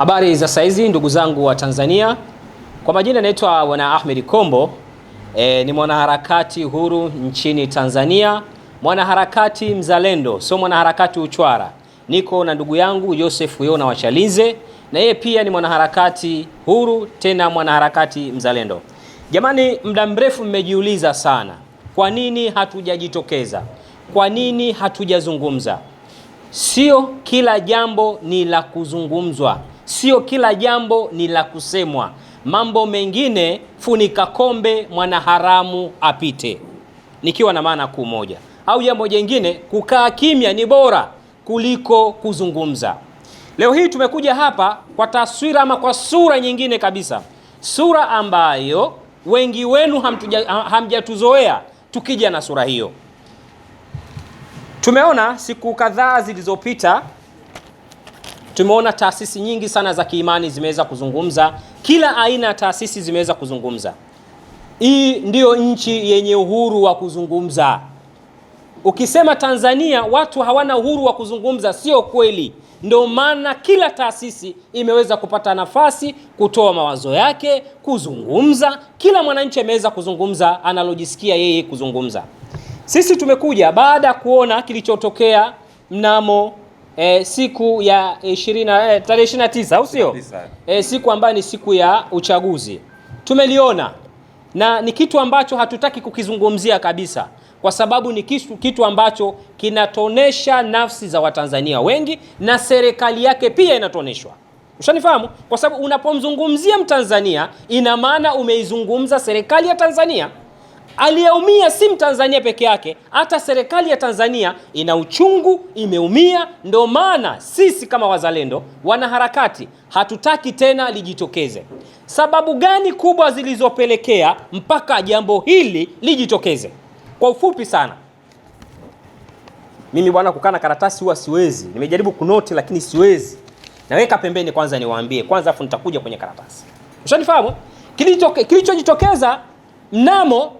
Habari za saizi ndugu zangu wa Tanzania, kwa majina naitwa Bwana Ahmed Kombo. E, ni mwanaharakati huru nchini Tanzania, mwanaharakati mzalendo, sio mwanaharakati uchwara. Niko na ndugu yangu Joseph Yona Wachalinze, na yeye pia ni mwanaharakati huru, tena mwanaharakati mzalendo. Jamani, muda mrefu mmejiuliza sana, kwa nini hatujajitokeza? Kwa nini hatujazungumza? Sio kila jambo ni la kuzungumzwa sio kila jambo ni la kusemwa. Mambo mengine funika kombe, mwanaharamu apite, nikiwa na maana kuu moja. Au jambo jengine, kukaa kimya ni bora kuliko kuzungumza. Leo hii tumekuja hapa kwa taswira ama kwa sura nyingine kabisa, sura ambayo wengi wenu hamjatuzoea. Tukija na sura hiyo, tumeona siku kadhaa zilizopita Tumeona taasisi nyingi sana za kiimani zimeweza kuzungumza, kila aina ya taasisi zimeweza kuzungumza. Hii ndiyo nchi yenye uhuru wa kuzungumza. Ukisema Tanzania watu hawana uhuru wa kuzungumza, sio kweli. Ndio maana kila taasisi imeweza kupata nafasi kutoa mawazo yake, kuzungumza. Kila mwananchi ameweza kuzungumza analojisikia yeye kuzungumza. Sisi tumekuja baada ya kuona kilichotokea mnamo e, siku ya e, tarehe 29 au sio? E, siku ambayo ni siku ya uchaguzi tumeliona, na ni kitu ambacho hatutaki kukizungumzia kabisa, kwa sababu ni kitu, kitu ambacho kinatonesha nafsi za Watanzania wengi na serikali yake pia inatoneshwa Ushanifahamu? Kwa sababu unapomzungumzia Mtanzania ina maana umeizungumza serikali ya Tanzania aliyeumia si Mtanzania peke yake, hata serikali ya Tanzania ina uchungu, imeumia. Ndio maana sisi kama wazalendo, wanaharakati, hatutaki tena lijitokeze. Sababu gani kubwa zilizopelekea mpaka jambo hili lijitokeze? Kwa ufupi sana, mimi bwana, kukaa na karatasi huwa siwezi, nimejaribu kunoti lakini siwezi. Naweka pembeni kwanza, niwaambie kwanza, afu nitakuja kwenye karatasi. Ushanifahamu? Kilichojitokeza mnamo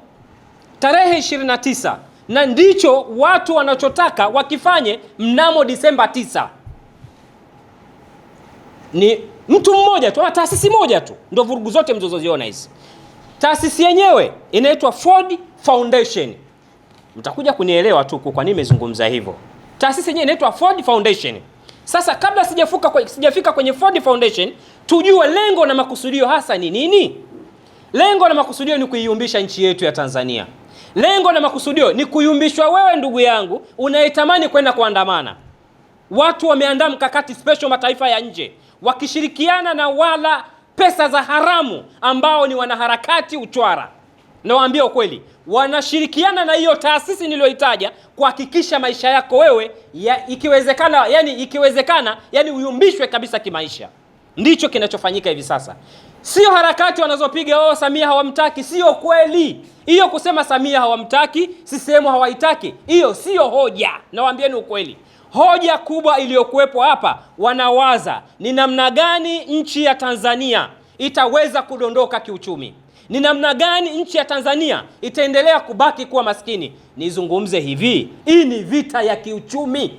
tarehe 29 na ndicho watu wanachotaka wakifanye mnamo Disemba 9. Ni mtu mmoja tu, taasisi moja tu ndio vurugu zote mzozoziona hizi. Taasisi yenyewe inaitwa Ford Foundation. Mtakuja kunielewa tu kwa nini nimezungumza hivyo. Taasisi yenyewe inaitwa Ford Foundation. Sasa kabla sijafuka kwa, sijafika kwenye Ford Foundation, tujue lengo na makusudio hasa ni nini? Lengo na makusudio ni kuiumbisha nchi yetu ya Tanzania. Lengo na makusudio ni kuyumbishwa wewe, ndugu yangu, unayetamani kwenda kuandamana. Watu wameandaa mkakati special, mataifa ya nje wakishirikiana na wala pesa za haramu ambao ni wanaharakati uchwara. Nawaambia ukweli, wanashirikiana na hiyo taasisi niliyoitaja kuhakikisha maisha yako wewe ya, ikiwezekana yani, ikiwezekana yani uyumbishwe kabisa kimaisha. Ndicho kinachofanyika hivi sasa, sio harakati wanazopiga oh, Samia hawamtaki. Sio kweli hiyo. Kusema Samia hawamtaki, sisehemu hawaitaki, hiyo sio hoja. Nawaambieni ukweli, hoja kubwa iliyokuwepo hapa, wanawaza ni namna gani nchi ya Tanzania itaweza kudondoka kiuchumi, ni namna gani nchi ya Tanzania itaendelea kubaki kuwa maskini. Nizungumze hivi, hii ni vita ya kiuchumi.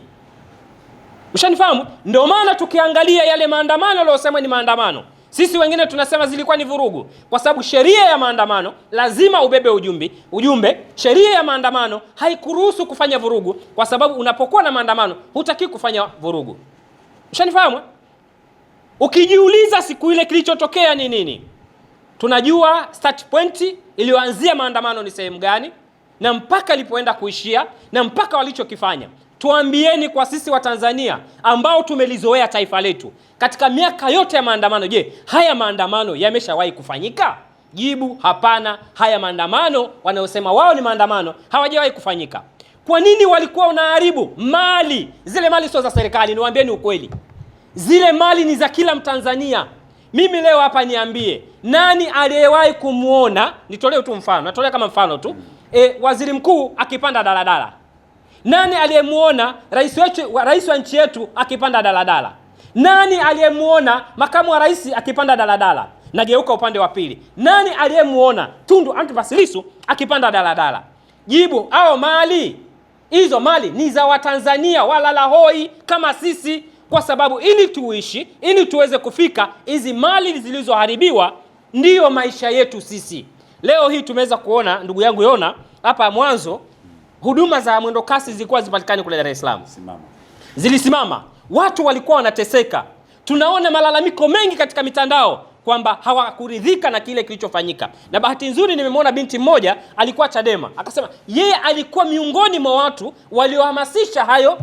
Ushanifahamu? Ndio maana tukiangalia yale maandamano aliyosema ni maandamano, sisi wengine tunasema zilikuwa ni vurugu, kwa sababu sheria ya maandamano lazima ubebe ujumbe ujumbe. Sheria ya maandamano haikuruhusu kufanya vurugu, kwa sababu unapokuwa na maandamano hutaki kufanya vurugu. Ushanifahamu? Ukijiuliza siku ile kilichotokea ni nini, tunajua start point iliyoanzia maandamano ni sehemu gani na mpaka ilipoenda kuishia na mpaka walichokifanya tuambieni kwa sisi Watanzania ambao tumelizoea taifa letu katika miaka yote ya maandamano, je, haya maandamano yameshawahi kufanyika? Jibu, hapana. Haya maandamano wanayosema wao ni maandamano hawajawahi kufanyika. Kwa nini walikuwa wanaharibu mali? Zile mali sio za serikali, niwaambieni ukweli, zile mali ni za kila Mtanzania. Mimi leo hapa niambie, nani aliyewahi kumwona, nitolee tu mfano, natolea kama mfano tu, e, waziri mkuu akipanda daladala nani aliyemuona rais wetu, rais wa nchi yetu akipanda daladala? Nani aliyemuona makamu wa rais akipanda daladala? Nageuka upande wa pili, nani aliyemuona Tundu Antipas Lissu akipanda daladala? Jibu au mali hizo, mali ni za Watanzania walala hoi kama sisi, kwa sababu ili tuishi, ili tuweze kufika, hizi mali zilizoharibiwa ndiyo maisha yetu sisi. Leo hii tumeweza kuona ndugu yangu Yona hapa mwanzo huduma za mwendo kasi zilikuwa zipatikane kule Dar es Salaam, zilisimama, watu walikuwa wanateseka. Tunaona malalamiko mengi katika mitandao kwamba hawakuridhika na kile kilichofanyika, na bahati nzuri nimemwona binti mmoja alikuwa Chadema akasema yeye alikuwa miongoni mwa watu waliohamasisha hayo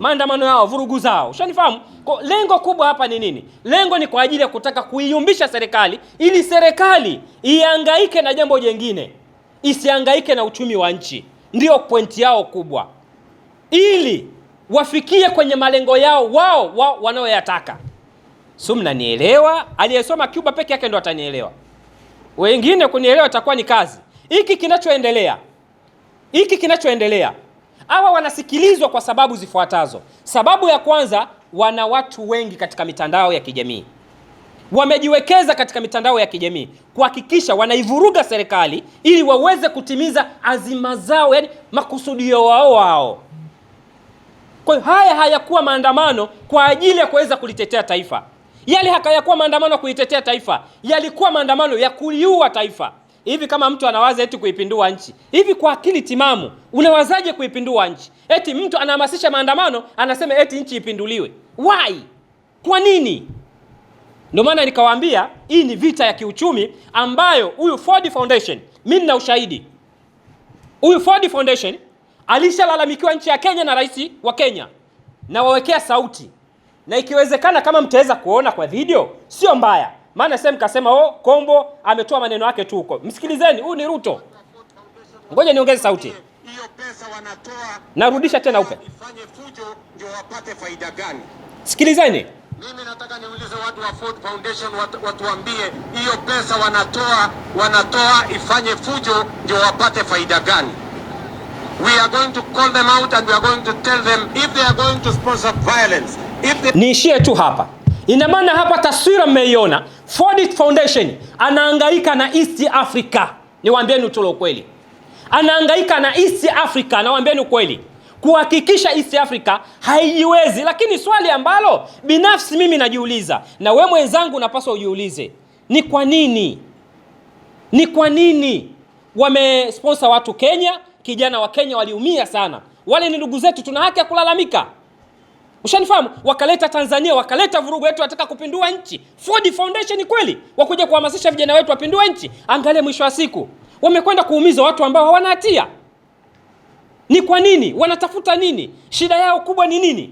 maandamano yao, vurugu zao. Ushanifahamu? Kwa lengo kubwa hapa ni nini? Lengo ni kwa ajili ya kutaka kuiumbisha serikali ili serikali iangaike na jambo jengine, isiangaike na uchumi wa nchi ndio pointi yao kubwa, ili wafikie kwenye malengo yao wao, wao wanaoyataka. Si mnanielewa? Aliyesoma Cuba peke yake ndo atanielewa, wengine kunielewa itakuwa ni kazi. Hiki kinachoendelea hiki kinachoendelea, hawa wanasikilizwa kwa sababu zifuatazo. Sababu ya kwanza, wana watu wengi katika mitandao ya kijamii wamejiwekeza katika mitandao ya kijamii kuhakikisha wanaivuruga serikali ili waweze kutimiza azima zao, yani makusudio wao wao. Kwa hiyo haya hayakuwa maandamano kwa ajili ya kuweza kulitetea taifa, yale hakayakuwa maandamano ya kulitetea taifa, yalikuwa maandamano ya kuliua taifa. Hivi kama mtu anawaza eti kuipindua nchi, hivi kwa akili timamu unawazaje kuipindua nchi? Eti mtu anahamasisha maandamano, anasema eti nchi ipinduliwe. Why? Kwa nini? Ndio maana nikawaambia hii ni vita ya kiuchumi ambayo huyu Ford Foundation, mimi na ushahidi. Huyu Ford Foundation alishalalamikiwa nchi ya Kenya na rais wa Kenya, na wawekea sauti, na ikiwezekana, kama mtaweza kuona kwa video, sio mbaya, maana sasa mkasema oh, Kombo ametoa maneno yake tu huko. Msikilizeni, huyu ni Ruto. Ngoja niongeze sauti. Hiyo pesa wanatoa, narudisha tena upe. Ifanye fujo ndio wapate faida gani? Sikilizeni. Mimi nataka niulize watu wa Ford Foundation watu, watuambie hiyo pesa wanatoa wanatoa ifanye fujo ndio wapate faida gani? We are going to call them out and we are going to tell them if they are going to sponsor violence. If they... Niishie tu hapa. Ina maana hapa taswira mmeiona. Ford Foundation anaangaika na East Africa. Niwaambieni tu ukweli. Anaangaika na East Africa, nawaambieni ukweli kuhakikisha East Africa haijiwezi. Lakini swali ambalo binafsi mimi najiuliza na we mwenzangu unapaswa ujiulize ni kwa nini, ni kwa nini wamesponsa watu Kenya? Kijana wa Kenya waliumia sana, wale ni ndugu zetu, tuna haki ya kulalamika. Ushanifahamu? Wakaleta Tanzania, wakaleta vurugu yetu, wataka kupindua nchi. Ford Foundation kweli wakuja kuhamasisha vijana wetu wapindue nchi. Angalia mwisho wa siku wamekwenda kuumiza watu ambao hawana hatia. Ni kwa nini? Wanatafuta nini? Shida yao kubwa ni nini?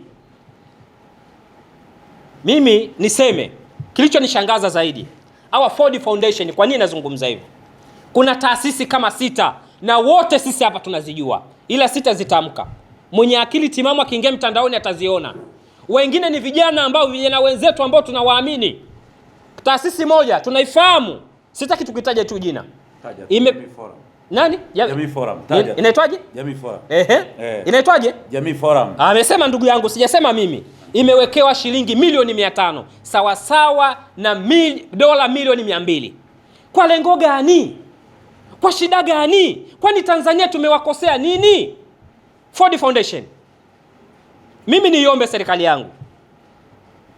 Mimi niseme kilichonishangaza zaidi, Our Ford Foundation. Kwa nini nazungumza hivyo? Kuna taasisi kama sita na wote sisi hapa tunazijua, ila sita zitamka Mwenye akili timamu akiingia mtandaoni ataziona. Wengine ni vijana ambao, vijana wenzetu ambao tunawaamini. Taasisi moja tunaifahamu, sitaki tukitaja tu jina, ime nani? Jamii Forum. Inaitwaje? Jamii Forum. Ehe. Eh. Inaitwaje? Jamii Forum. Amesema ndugu yangu, sijasema mimi. Imewekewa shilingi milioni 500 sawa sawa na mil, dola milioni 200. kwa lengo gani? Kwa shida gani? Kwani Tanzania tumewakosea nini? Ford Foundation, mimi niiombe serikali yangu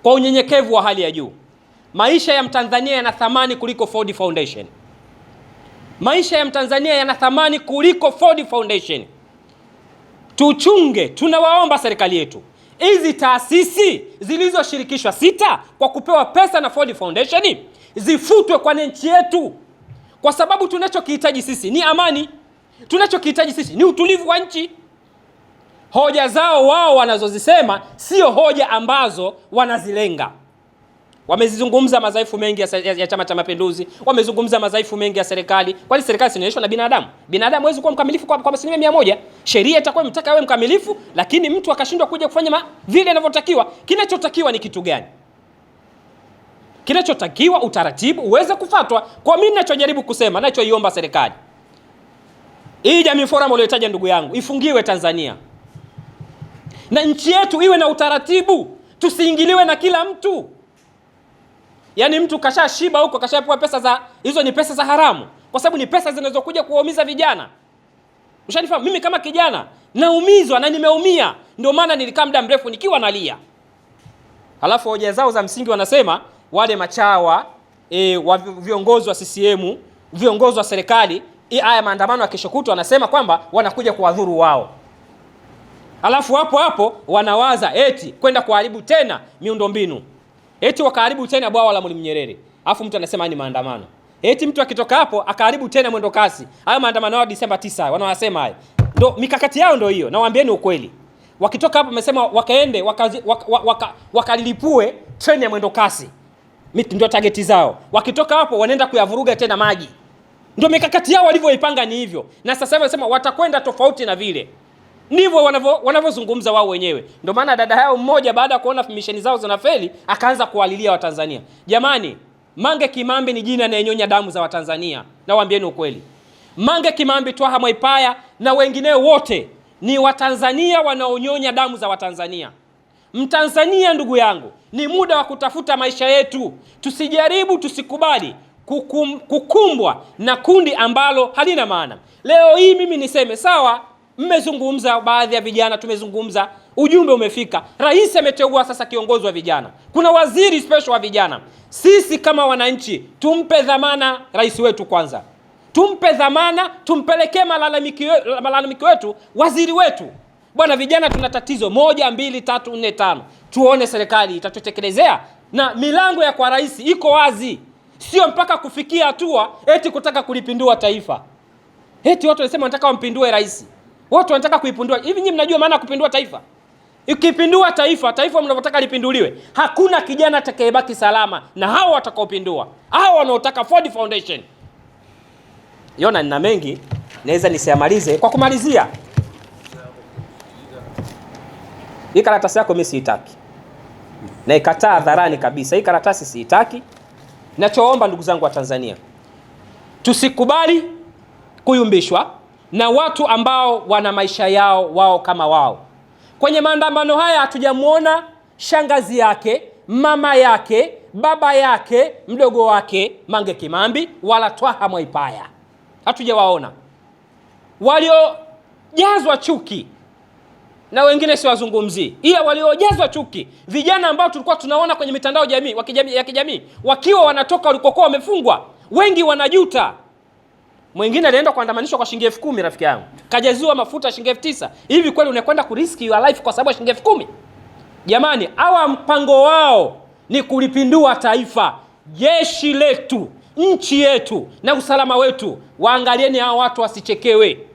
kwa unyenyekevu wa hali ya juu, maisha ya Mtanzania yana thamani kuliko Ford Foundation. Maisha ya Mtanzania yana thamani kuliko Ford Foundation. Tuchunge, tunawaomba serikali yetu hizi taasisi zilizoshirikishwa sita kwa kupewa pesa na Ford Foundation zifutwe kwa nchi yetu, kwa sababu tunachokihitaji sisi ni amani, tunachokihitaji sisi ni utulivu wa nchi. Hoja zao wao wanazozisema sio hoja ambazo wanazilenga. Wamezizungumza madhaifu mengi ya, ya, ya Chama cha Mapinduzi, wamezungumza madhaifu mengi ya serikali. Kwani serikali sinaonyeshwa na binadamu? Binadamu hawezi kuwa mkamilifu kwa asilimia mia moja. Sheria itakuwa imtaka awe mkamilifu, lakini mtu akashindwa kuja kufanya ma, vile inavyotakiwa. Kinachotakiwa ni kitu gani? Kinachotakiwa utaratibu uweze kufatwa. Kwa mimi ninachojaribu kusema, nachoiomba serikali hii Jamii Forum uliyotaja ndugu yangu ifungiwe Tanzania, na nchi yetu iwe na utaratibu, tusiingiliwe na kila mtu. Yaani mtu kashashiba huko, kashapewa pesa za hizo, ni pesa za haramu, kwa sababu ni pesa zinazokuja kuwaumiza vijana. Ushanifahamu? Mimi kama kijana naumizwa na nimeumia, ndio maana nilikaa muda mrefu nikiwa nalia. Halafu hoja zao za msingi wanasema wale machawa e, wa viongozi wa CCM, viongozi wa serikali, e, haya maandamano ya kesho kutwa, wanasema kwamba wanakuja kuwadhuru wao. Halafu hapo hapo wanawaza eti kwenda kuharibu tena miundombinu eti wakaharibu tena bwawa la Mwalimu Nyerere, afu mtu anasema ni maandamano. Eti mtu akitoka hapo akaharibu tena mwendo kasi. Hayo maandamano yao Disemba 9 wanawasema hayo. Ndio mikakati yao ndio hiyo. Nawaambieni ukweli. Wakitoka hapo wamesema wakaende wakalipue waka, waka, waka, treni ya mwendo kasi. Ndio targeti zao. Wakitoka hapo wanaenda kuyavuruga tena maji. Ndio mikakati yao walivyoipanga ni hivyo. Na sasa hivi wanasema watakwenda tofauti na vile ndivyo wanavyozungumza wao wenyewe. Ndio maana dada yao mmoja baada ya kuona misheni zao zinafeli akaanza kuwalilia Watanzania, jamani, Mange Kimambi ni jina anayenyonya damu za Watanzania. Nawaambieni ukweli, Mange Kimambi, Twaha Mwaipaya na wengineo wote ni Watanzania wanaonyonya damu za Watanzania. Mtanzania ndugu yangu, ni muda wa kutafuta maisha yetu. Tusijaribu, tusikubali kukum, kukumbwa na kundi ambalo halina maana. Leo hii mimi niseme sawa mmezungumza, baadhi ya vijana tumezungumza, ujumbe umefika. Rais ameteua sasa kiongozi wa vijana, kuna waziri special wa vijana. Sisi kama wananchi tumpe dhamana rais wetu kwanza, tumpe dhamana, tumpelekee malalamiko wetu waziri wetu Bwana, vijana tuna tatizo moja, mbili, tatu, nne, tano, tuone serikali itatutekelezea. Na milango ya kwa rais iko wazi, sio mpaka kufikia hatua eti kutaka kulipindua taifa, eti watu wanasema wanataka wampindue rais. Watu wanataka kuipindua. Hivi nyinyi mnajua maana kupindua taifa? Ikipindua taifa, taifa mnavyotaka lipinduliwe, hakuna kijana atakayebaki salama, na hao watakaopindua, hao wanaotaka Ford Foundation. Yona, nina mengi naweza nisiamalize. Kwa kumalizia, hii karatasi yako mimi siitaki, naikataa hadharani kabisa. Hii karatasi siitaki. Nachoomba ndugu zangu wa Tanzania, tusikubali kuyumbishwa na watu ambao wana maisha yao wao kama wao. Kwenye maandamano haya hatujamwona shangazi yake, mama yake, baba yake, mdogo wake Mange Kimambi wala Twaha Mwaipaya, hatujawaona waliojazwa chuki na wengine siwazungumzii, ila waliojazwa chuki, vijana ambao tulikuwa tunaona kwenye mitandao jamii ya kijamii wakiwa wanatoka walikokuwa wamefungwa, wengi wanajuta Mwingine alienda kuandamanishwa kwa shilingi elfu kumi rafiki yangu, kajaziwa mafuta shilingi elfu tisa Hivi kweli unakwenda kuriski your life kwa sababu ya shilingi elfu kumi? Jamani, hawa mpango wao ni kulipindua taifa, jeshi letu, nchi yetu na usalama wetu. Waangalieni hao watu wasichekewe.